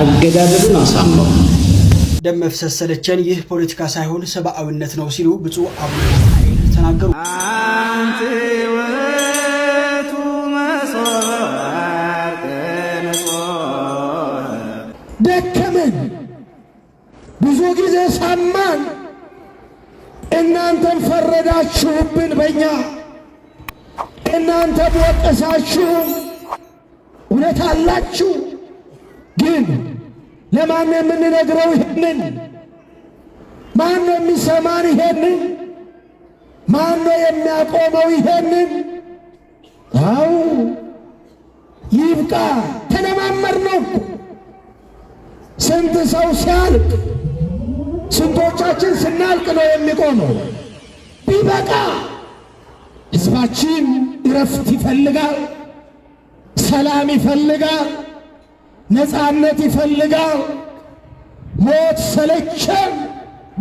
አገዳደሉን አሳመሩ። ደም መፍሰስ ሰለቸን፣ ይህ ፖለቲካ ሳይሆን ሰብአዊነት ነው ሲሉ ብፁዕ አቡነ ናትናኤል ተናገሩ። ደከመን፣ ብዙ ጊዜ ሰማን፣ እናንተም ፈረዳችሁብን በእኛ እናንተም ወቀሳችሁ። እውነት አላችሁ ግን ለማን የምንነግረው ይሄንን? ማን ነው የሚሰማን ይሄንን? ማን ነው የሚያቆመው ይሄንን? አው ይብቃ። ተለማመር ነው። ስንት ሰው ሲያልቅ ስንቶቻችን ስናልቅ ነው የሚቆመው? ቢበቃ። ህዝባችን እረፍት ይፈልጋል፣ ሰላም ይፈልጋል። ነፃነት ይፈልጋል። ሞት ሰለቸን፣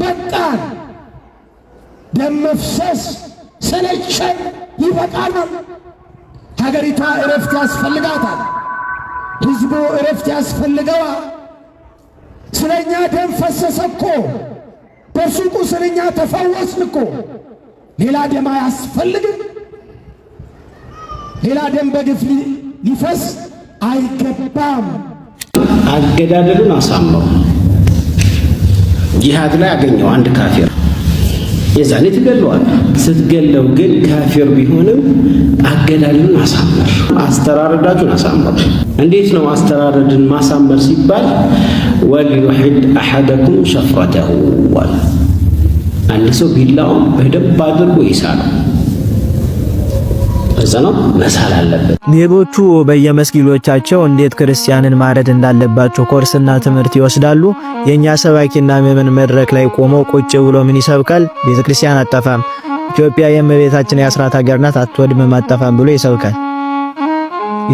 በቃን። ደም መፍሰስ ሰለቸን፣ ይበቃናል። ሀገሪቷ እረፍት ያስፈልጋታል። ሕዝቡ እረፍት ያስፈልገዋ ስለኛ ደም ፈሰሰ እኮ በሱቁ ስለኛ ተፈወስን እኮ። ሌላ ደም አያስፈልግም። ሌላ ደም በግፍ ሊፈስ አይገባም። አገዳደሉን አሳመሩ። ጂሃድ ላይ አገኘው አንድ ካፊር የዛኔ ትገለዋል። ስትገለው ግን ካፊር ቢሆንም አገዳደሉን አሳመር፣ አስተራረዳችሁን አሳመር። እንዴት ነው አስተራረድን ማሳመር ሲባል ወልዩሕድ አሐደኩም ሸፍረተሁ አለ። አንድ ሰው ቢላውም በደንብ አድርጎ ይሳለው የተፈጸመው መሳል አለበት። ሌሎቹ በየመስጊዶቻቸው እንዴት ክርስቲያንን ማረድ እንዳለባቸው ኮርስና ትምህርት ይወስዳሉ። የእኛ ሰባኪና ምዕመን መድረክ ላይ ቆመው ቁጭ ብሎ ምን ይሰብካል? ቤተ ክርስቲያን አጠፋም፣ ኢትዮጵያ የእመቤታችን የአስራት ሀገር ናት፣ አትወድምም፣ አጠፋም ብሎ ይሰብካል።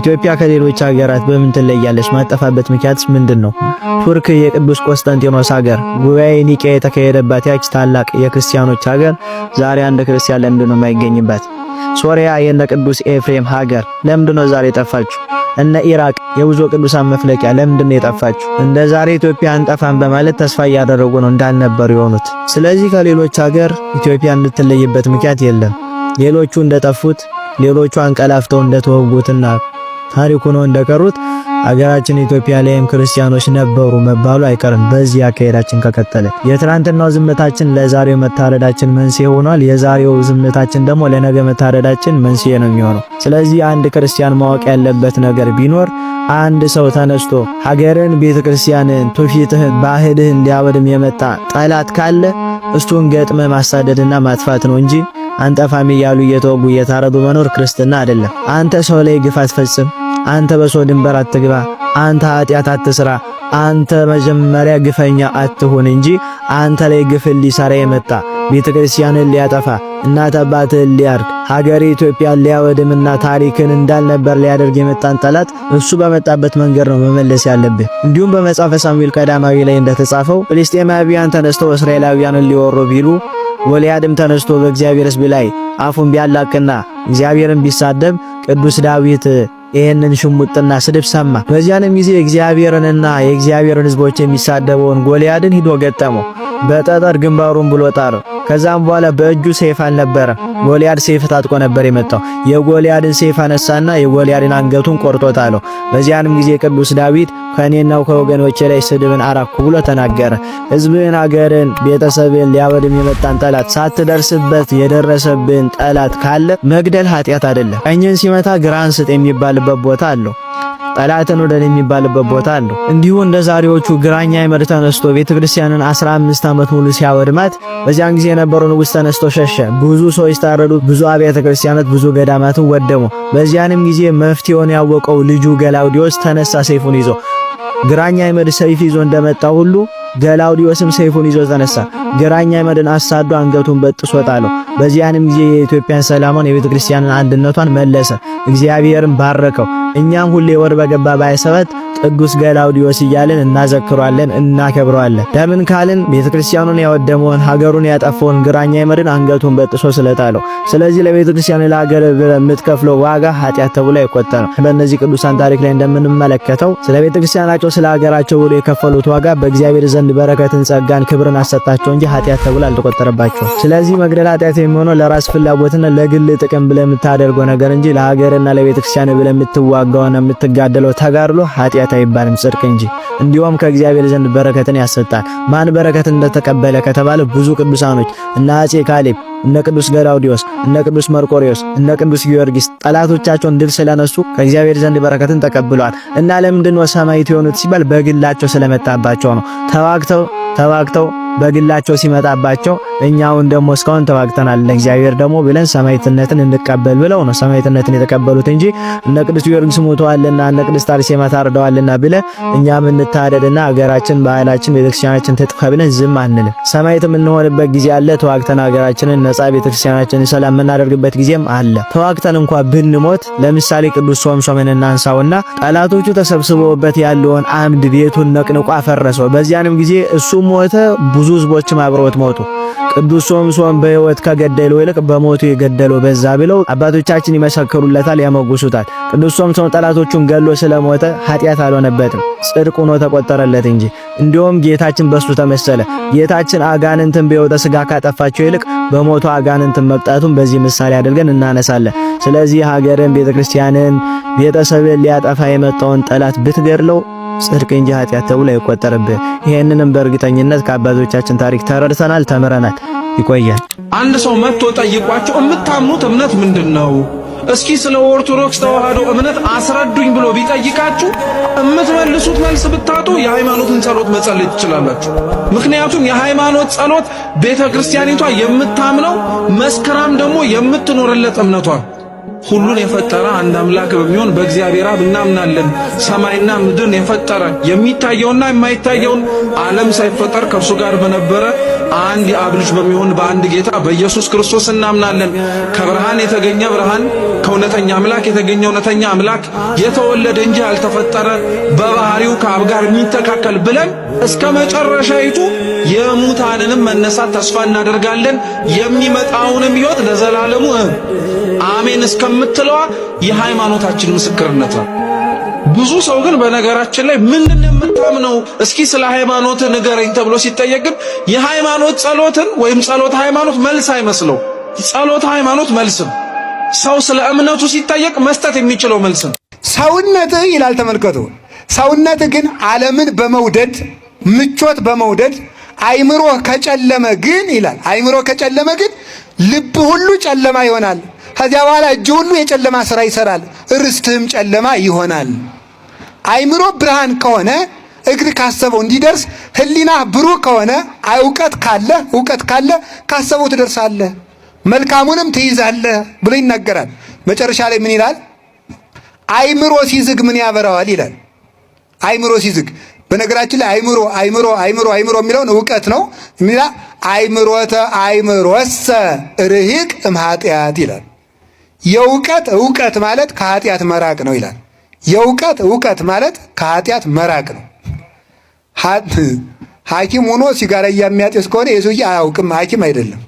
ኢትዮጵያ ከሌሎች ሀገራት በምን ትለያለች? ማጠፋበት ምክንያትስ ምንድን ነው? ቱርክ የቅዱስ ቆስጠንጢኖስ ሀገር፣ ጉባኤ ኒቄ የተካሄደባት ያች ታላቅ የክርስቲያኖች ሀገር ዛሬ አንድ ክርስቲያን ለምንድን ነው የማይገኝባት? ሶሪያ የነ ቅዱስ ኤፍሬም ሀገር ለምንድነው ዛሬ የጠፋችሁ? እነ ኢራቅ የብዙ ቅዱሳን መፍለቂያ ነው የጠፋችሁ? እንደ ዛሬ ኢትዮጵያ አንጠፋን በማለት ተስፋ እያደረጉ ነው እንዳልነበሩ የሆኑት። ስለዚህ ከሌሎች ሀገር ኢትዮጵያ እንድትለይበት ምክንያት የለም። ሌሎቹ እንደጠፉት፣ ሌሎቹ አንቀላፍተው እንደተወጉትና ታሪኩ ነው እንደቀሩት አገራችን ኢትዮጵያ ላይም ክርስቲያኖች ነበሩ መባሉ አይቀርም። በዚህ አካሄዳችን ከቀጠለ የትናንትናው ዝምታችን ለዛሬው መታረዳችን መንስኤ ሆኗል። የዛሬው ዝምታችን ደግሞ ለነገ መታረዳችን መንስኤ ነው የሚሆነው። ስለዚህ አንድ ክርስቲያን ማወቅ ያለበት ነገር ቢኖር አንድ ሰው ተነስቶ ሀገርን፣ ቤተክርስቲያንን፣ ትውፊትህን፣ ባህልህን ሊያወድም የመጣ ጠላት ካለ እሱን ገጥመ ማሳደድና ማጥፋት ነው እንጂ አንጠፋም እያሉ እየተወጉ እየታረዱ መኖር ክርስትና አይደለም። አንተ ሰው ላይ ግፍ አትፈጽም። አንተ በሰው ድንበር አትግባ፣ አንተ ኃጢአት አትስራ፣ አንተ መጀመሪያ ግፈኛ አትሁን እንጂ አንተ ላይ ግፍን ሊሰራ የመጣ ቤተ ክርስቲያንን ሊያጠፋ እናት አባትህን ሊያርግ ሀገሬ ኢትዮጵያን ሊያወድምና ታሪክን እንዳልነበር ሊያደርግ የመጣን ጠላት እሱ በመጣበት መንገድ ነው መመለስ ያለብህ። እንዲሁም በመጽሐፈ ሳሙኤል ቀዳማዊ ላይ እንደተጻፈው ፍልስጤማውያን ተነስተው እስራኤላውያንን ሊወሩ ቢሉ ወሊያድም ተነስቶ በእግዚአብሔር ሕዝብ ላይ አፉን ቢያላቅና እግዚአብሔርን ቢሳደብ ቅዱስ ዳዊት ይህንን ሽሙጥና ስድብ ሰማ። በዚያንም ጊዜ እግዚአብሔርንና የእግዚአብሔርን ሕዝቦች የሚሳደበውን ጎልያድን ሂዶ ገጠመው። በጠጠር ግንባሩን ብሎ ጣለው። ከዛም በኋላ በእጁ ሰይፍ አልነበረ፣ ጎልያድ ሰይፍ ታጥቆ ነበር የመጣው። የጎልያድን ሰይፍ አነሳና የጎልያድን አንገቱን ቆርጦታለው። በዚያንም ጊዜ ቅዱስ ዳዊት ከእኔናው ከወገኖቼ ላይ ስድብን አራኩ ብሎ ተናገረ። ሕዝብን፣ አገርን፣ ቤተሰብን ሊያወድም የመጣን ጠላት ሳትደርስበት የደረሰብን ጠላት ካለ መግደል ኃጢአት አይደለም። ቀኝን ሲመታ ግራን ስጥ የሚባልበት ቦታ አለው። ጠላትን የሚባልበት ቦታ አለው። እንዲሁ እንደ ዛሬዎቹ ግራኛ አይመድ ተነስቶ ቤተ ክርስቲያንን 15 ዓመት ሙሉ ሲያወድማት በዚያን ጊዜ የነበረው ንጉሥ ተነስቶ ሸሸ። ብዙ ሰዎች ታረዱ፣ ብዙ አብያተ ክርስቲያናት፣ ብዙ ገዳማትን ወደሙ። በዚያንም ጊዜ መፍትሄውን ያወቀው ልጁ ገላውዲዮስ ተነሳ ሰይፉን ይዞ ግራኛ ይመድ ሰይፍ ይዞ እንደመጣ ሁሉ ገላውዲዮስም ሰይፉን ይዞ ተነሳ። ግራኛ ይመድን አሳዶ አንገቱን በጥሶ ጣለው። በዚያንም ጊዜ የኢትዮጵያን ሰላሟን፣ የቤተ ክርስቲያንን አንድነቷን መለሰ። እግዚአብሔርም ባረከው። እኛም ሁሌ ወር በገባ ባይሰበት ቅዱስ ገላውዲዮስ እያልን እናዘክሯለን፣ እናከብረዋለን። ለምን ካልን ቤተክርስቲያኑን ያወደመውን ሀገሩን ያጠፈውን ግራኛ መድን አንገቱን በጥሶ ስለጣለው። ስለዚህ ለቤተክርስቲያን ለሀገር የምትከፍለው ዋጋ ኃጢአት ተብሎ አይቆጠርም። በእነዚህ ቅዱሳን ታሪክ ላይ እንደምንመለከተው ስለ ቤተክርስቲያናቸው ስለ ሀገራቸው ብሎ የከፈሉት ዋጋ በእግዚአብሔር ዘንድ በረከትን፣ ጸጋን፣ ክብርን አሰጣቸው እንጂ ኃጢአት ተብሎ አልተቆጠረባቸው። ስለዚህ መግደል ኃጢአት የሚሆነው ለራስ ፍላጎትና ለግል ጥቅም ብለህ የምታደርገው ነገር እንጂ ለሀገርና ለቤተክርስቲያን ክርስቲያን የምትዋጋውና የምትጋደለው ተጋድሎ ኃጢአት ኃጢአት አይባልም ጽድቅ እንጂ። እንዲሁም ከእግዚአብሔር ዘንድ በረከትን ያሰጣል። ማን በረከት እንደተቀበለ ከተባለ ብዙ ቅዱሳኖች እና አፄ ካሌብ እነ ቅዱስ ገላውዲዮስ፣ እነ ቅዱስ እነ ቅዱስ ጊዮርጊስ ጠላቶቻቸውን ድል ስለነሱ ከእግዚአብሔር ዘንድ በረከትን ተቀብለዋል እና ለምንድን ነው ሰማዕት የሆኑት ሲባል በግላቸው ስለመጣባቸው ነው። ተዋግተው ተዋግተው በግላቸው ሲመጣባቸው እኛውን ደግሞ እስካሁን ተዋግተናል ለእግዚአብሔር ደግሞ ብለን ሰማዕትነትን እንቀበል ብለው ነው ሰማዕትነትን የተቀበሉት እንጂ እነ ቅዱስ ጊዮርጊስ ሞተዋልና እነ ቅድስት አርሴማ ታርደዋልና ብለ እኛም እንታደድና አገራችን፣ ባህላችን፣ ቤተክርስቲያናችን ትጥፋ ብለን ዝም አንልም። ሰማዕት የምንሆንበት ጊዜ አለ። ተዋግተን አገራችንን በነፃ ቤተክርስቲያናችን ሰላም የምናደርግበት ጊዜም አለ። ተዋግተን እንኳ ብንሞት ለምሳሌ ቅዱስ ሶምሶንን እናንሳውና ጠላቶቹ ተሰብስበውበት ያለውን አምድ ቤቱን ነቅንቆ አፈረሰው። በዚያንም ጊዜ እሱ ሞተ፣ ብዙ ህዝቦችም አብረውት ሞቱ። ቅዱስ ሶምሶን በሕይወት ከገደሉ ይልቅ በሞቱ የገደለው በዛ ብለው አባቶቻችን ይመሰክሩለታል፣ ያመጉሱታል። ቅዱስ ሶምሶን ጠላቶቹን ገሎ ስለሞተ ኃጢአት አልሆነበትም፣ ጽድቅ ሆኖ ተቆጠረለት እንጂ። እንዲሁም ጌታችን በሱ ተመሰለ። ጌታችን አጋንንትን በሕይወተ ሥጋ ካጠፋቸው ይልቅ በሞቱ አጋንንትን መቅጣቱን በዚህ ምሳሌ አድርገን እናነሳለን። ስለዚህ ሀገርን፣ ቤተክርስቲያንን፣ ቤተሰብን ሊያጠፋ የመጣውን ጠላት ብትገድለው ጽድቅ እንጂ ኃጢአት ተብሎ አይቆጠርብህ። ይሄንንም በእርግጠኝነት ከአባቶቻችን ታሪክ ተረድተናል፣ ተምረናል። ይቆያል። አንድ ሰው መጥቶ ጠይቋቸው የምታምኑት እምነት ምንድን ነው? እስኪ ስለ ኦርቶዶክስ ተዋህዶ እምነት አስረዱኝ ብሎ ቢጠይቃችሁ እምትመልሱት መልስ ብታጡ የሃይማኖትን ጸሎት መጸለይ ትችላላችሁ። ምክንያቱም የሃይማኖት ጸሎት ቤተ ክርስቲያኒቷ የምታምነው መስከራም ደግሞ የምትኖርለት እምነቷ ሁሉን የፈጠረ አንድ አምላክ በሚሆን በእግዚአብሔር አብ እናምናለን። ሰማይና ምድርን የፈጠረ የሚታየውና የማይታየውን ዓለም ሳይፈጠር ከእርሱ ጋር በነበረ አንድ የአብ ልጅ በሚሆን በአንድ ጌታ በኢየሱስ ክርስቶስ እናምናለን። ከብርሃን የተገኘ ብርሃን፣ ከእውነተኛ አምላክ የተገኘ እውነተኛ አምላክ፣ የተወለደ እንጂ ያልተፈጠረ በባህሪው ከአብ ጋር የሚተካከል ብለን እስከ መጨረሻይቱ የሙታንንም መነሳት ተስፋ እናደርጋለን። የሚመጣውንም ሕይወት ለዘላለሙ አሜን እስከምትለዋ የሃይማኖታችን ምስክርነት ነው። ብዙ ሰው ግን በነገራችን ላይ ምንድን ነው የምታምነው እስኪ ስለ ሃይማኖት ንገረኝ ተብሎ ሲጠየቅ ግን የሃይማኖት ጸሎትን ወይም ጸሎት ሃይማኖት መልስ አይመስለው። ጸሎት ሃይማኖት መልስም ሰው ስለ እምነቱ ሲጠየቅ መስጠት የሚችለው መልስም ሰውነት ይላል። ተመልከቱ። ሰውነት ግን ዓለምን በመውደድ ምቾት በመውደድ አይምሮ ከጨለመ ግን ይላል አይምሮ ከጨለመ ግን ልብ ሁሉ ጨለማ ይሆናል። ከዚያ በኋላ እጅ ሁሉ የጨለማ ስራ ይሰራል፣ ርስትህም ጨለማ ይሆናል። አይምሮ ብርሃን ከሆነ እግር ካሰበው እንዲደርስ ህሊና ብሩህ ከሆነ እውቀት ካለ እውቀት ካለ ካሰበው ትደርሳለህ፣ መልካሙንም ትይዛለህ ብሎ ይናገራል። መጨረሻ ላይ ምን ይላል? አይምሮ ሲዝግ ምን ያበራዋል ይላል። አይምሮ ሲዝግ በነገራችን ላይ አይምሮ አይምሮ አይምሮ አይምሮ የሚለውን እውቀት ነው። ምን አይምሮተ አይምሮሰ ርሂቅ እምኃጢአት ይላል። የእውቀት እውቀት ማለት ከኃጢአት መራቅ ነው ይላል። የእውቀት እውቀት ማለት ከኃጢአት መራቅ ነው። ሐኪም ሆኖ ሲጋራ እያሚያጤስ ከሆነ የሰውዬ አያውቅም፣ ሐኪም አይደለም።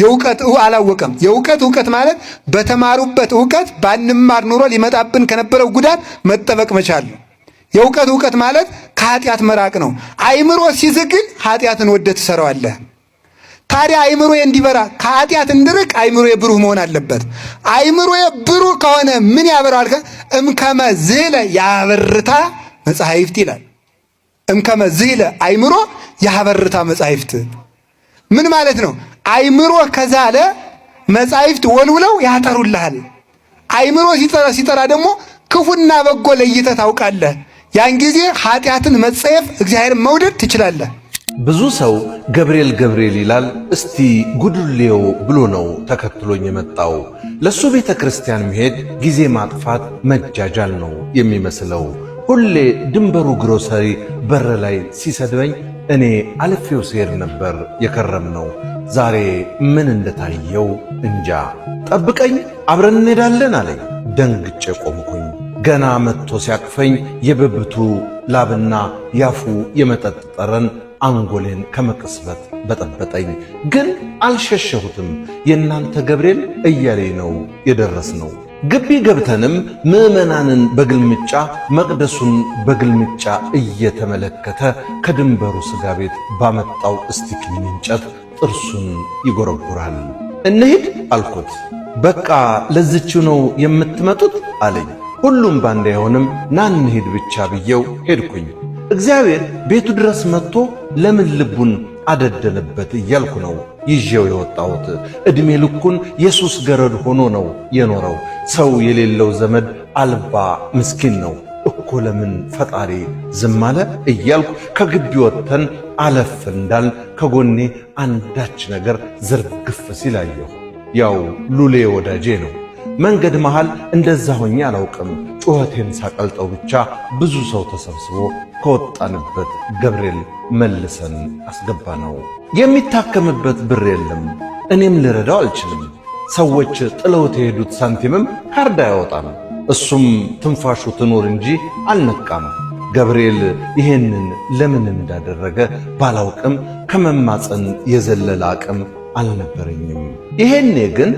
የእውቀት አላወቀም። የእውቀት እውቀት ማለት በተማሩበት እውቀት ባንማር ኑሮ ሊመጣብን ከነበረው ጉዳት መጠበቅ መቻል ነው። የእውቀት እውቀት ማለት ከኃጢአት መራቅ ነው። አይምሮ ሲዝግን ኃጢአትን ወደ ትሰራዋለህ። ታዲያ አይምሮ እንዲበራ ከኃጢአት እንድርቅ አይምሮ ብሩህ መሆን አለበት። አይምሮ ብሩህ ከሆነ ምን ያበራል? እምከመ ዝህለ ያበርታ መጻሕፍት ይላል። እምከመ ዝህለ አይምሮ ያበርታ መጻሕፍት ምን ማለት ነው? አይምሮ ከዛለ መጻሕፍት ወልውለው ያጠሩልሃል። አይምሮ ሲጠራ ሲጠራ ደግሞ ክፉና በጎ ለይተህ ታውቃለህ። ያን ጊዜ ኃጢአትን መጸየፍ፣ እግዚአብሔርን መውደድ ትችላለህ። ብዙ ሰው ገብርኤል ገብርኤል ይላል። እስቲ ጉድሌው ብሎ ነው ተከትሎኝ የመጣው። ለእሱ ቤተ ክርስቲያን መሄድ ጊዜ ማጥፋት መጃጃል ነው የሚመስለው። ሁሌ ድንበሩ ግሮሰሪ በር ላይ ሲሰድበኝ እኔ አልፌው ስሄድ ነበር የከረም ነው። ዛሬ ምን እንደታየው እንጃ። ጠብቀኝ አብረን እንሄዳለን አለኝ። ደንግጬ ቆምኩኝ። ገና መጥቶ ሲያቅፈኝ የብብቱ ላብና ያፉ የመጠጥ ጠረን አንጎሌን ከመቅስበት በጠበጠኝ፣ ግን አልሸሸሁትም። የእናንተ ገብርኤል እያሌ ነው የደረስ ነው። ግቢ ገብተንም ምዕመናንን በግልምጫ መቅደሱን በግልምጫ እየተመለከተ ከድንበሩ ሥጋ ቤት ባመጣው እስቲክሚን እንጨት ጥርሱን ይጎረጉራል። እንሂድ አልኩት። በቃ ለዝችው ነው የምትመጡት አለኝ። ሁሉም ባንድ አይሆንም፣ ና እንሂድ ብቻ ብየው ሄድኩኝ። እግዚአብሔር ቤቱ ድረስ መጥቶ ለምን ልቡን አደደለበት እያልኩ ነው ይዤው የወጣሁት። ዕድሜ ልኩን የሱስ ገረድ ሆኖ ነው የኖረው። ሰው የሌለው ዘመድ አልባ ምስኪን ነው እኮ ለምን ፈጣሪ ዝም አለ እያልኩ ከግቢ ወጥተን አለፍ እንዳል ከጎኔ አንዳች ነገር ዝርግፍ ሲላየሁ ያው ሉሌ ወዳጄ ነው መንገድ መሃል እንደዛ ሆኜ አላውቅም። ጩኸቴን ሳቀልጠው ብቻ ብዙ ሰው ተሰብስቦ ከወጣንበት ገብርኤል መልሰን አስገባ ነው። የሚታከምበት ብር የለም፣ እኔም ልረዳው አልችልም። ሰዎች ጥለውት የሄዱት ሳንቲምም ካርድ አይወጣም። እሱም ትንፋሹ ትኖር እንጂ አልነቃም። ገብርኤል ይሄንን ለምን እንዳደረገ ባላውቅም ከመማፀን የዘለለ አቅም አልነበረኝም። ይሄኔ ግን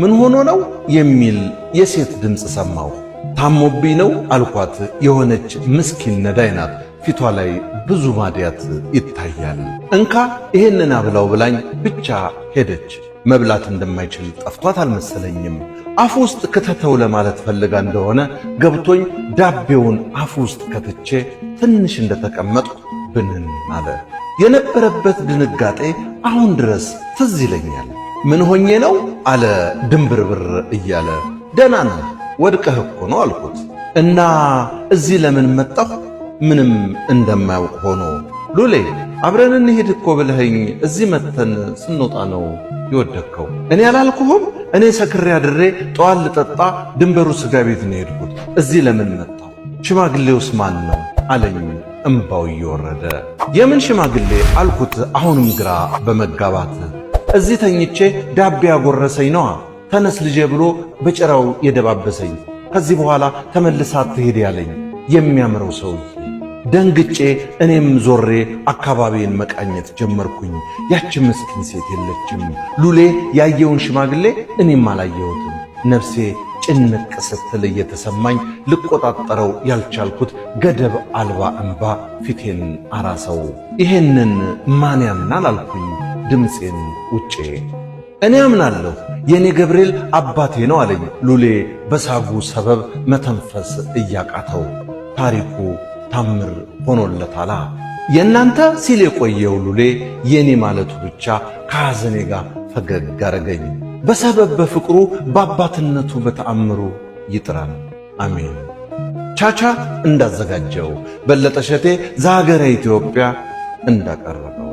ምን ሆኖ ነው የሚል የሴት ድምፅ ሰማሁ። ታሞብኝ ነው አልኳት። የሆነች ምስኪን ነዳይ ናት። ፊቷ ላይ ብዙ ማድያት ይታያል። እንካ ይሄንን አብላው ብላኝ ብቻ ሄደች። መብላት እንደማይችል ጠፍቷት አልመሰለኝም። አፍ ውስጥ ክተተው ለማለት ፈልጋ እንደሆነ ገብቶኝ ዳቤውን አፍ ውስጥ ከትቼ ትንሽ እንደተቀመጥኩ ብንን አለ። የነበረበት ድንጋጤ አሁን ድረስ ትዝ ይለኛል። ምን ሆኜ ነው አለ ድንብርብር እያለ። ደህና ነው ወድቀህ እኮ ነው አልኩት። እና እዚህ ለምን መጣሁ? ምንም እንደማያውቅ ሆኖ ሉሌ አብረን እንሄድ እኮ ብለኸኝ እዚህ መጥተን ስንወጣ ነው የወደቅከው። እኔ አላልኩሁም? እኔ ሰክሬ አድሬ ጠዋት ልጠጣ ድንበሩ ስጋ ቤት ነው የሄድኩት። እዚህ ለምን መጣሁ? ሽማግሌውስ ማን ነው አለኝ እምባው እየወረደ። የምን ሽማግሌ አልኩት፣ አሁንም ግራ በመጋባት እዚህ ተኝቼ ዳቤ ያጎረሰኝ ነዋ። ተነስ ልጄ ብሎ በጭራው የደባበሰኝ ከዚህ በኋላ ተመልሳ ትሄድ ያለኝ የሚያምረው ሰውዬ። ደንግጬ እኔም ዞሬ አካባቢን መቃኘት ጀመርኩኝ። ያች ምስኪን ሴት የለችም። ሉሌ ያየውን ሽማግሌ እኔም አላየሁትም። ነፍሴ ጭንቅ ስትል እየተሰማኝ ልቆጣጠረው ያልቻልኩት ገደብ አልባ እንባ ፊቴን አራሰው። ይሄንን ማን ያምናል አልኩኝ። ድምፄን ውጪ እኔ አምናለሁ የእኔ ገብርኤል አባቴ ነው አለኝ ሉሌ በሳጉ ሰበብ መተንፈስ እያቃተው ታሪኩ ታምር ሆኖለታላ። የእናንተ ሲል የቆየው ሉሌ የእኔ ማለቱ ብቻ ከሐዘኔ ጋር ፈገግ አረገኝ። በሰበብ በፍቅሩ በአባትነቱ በተአምሩ ይጥራን አሜን። ቻቻ እንዳዘጋጀው በለጠ ሸቴ ዘሀገረ ኢትዮጵያ እንዳቀረበው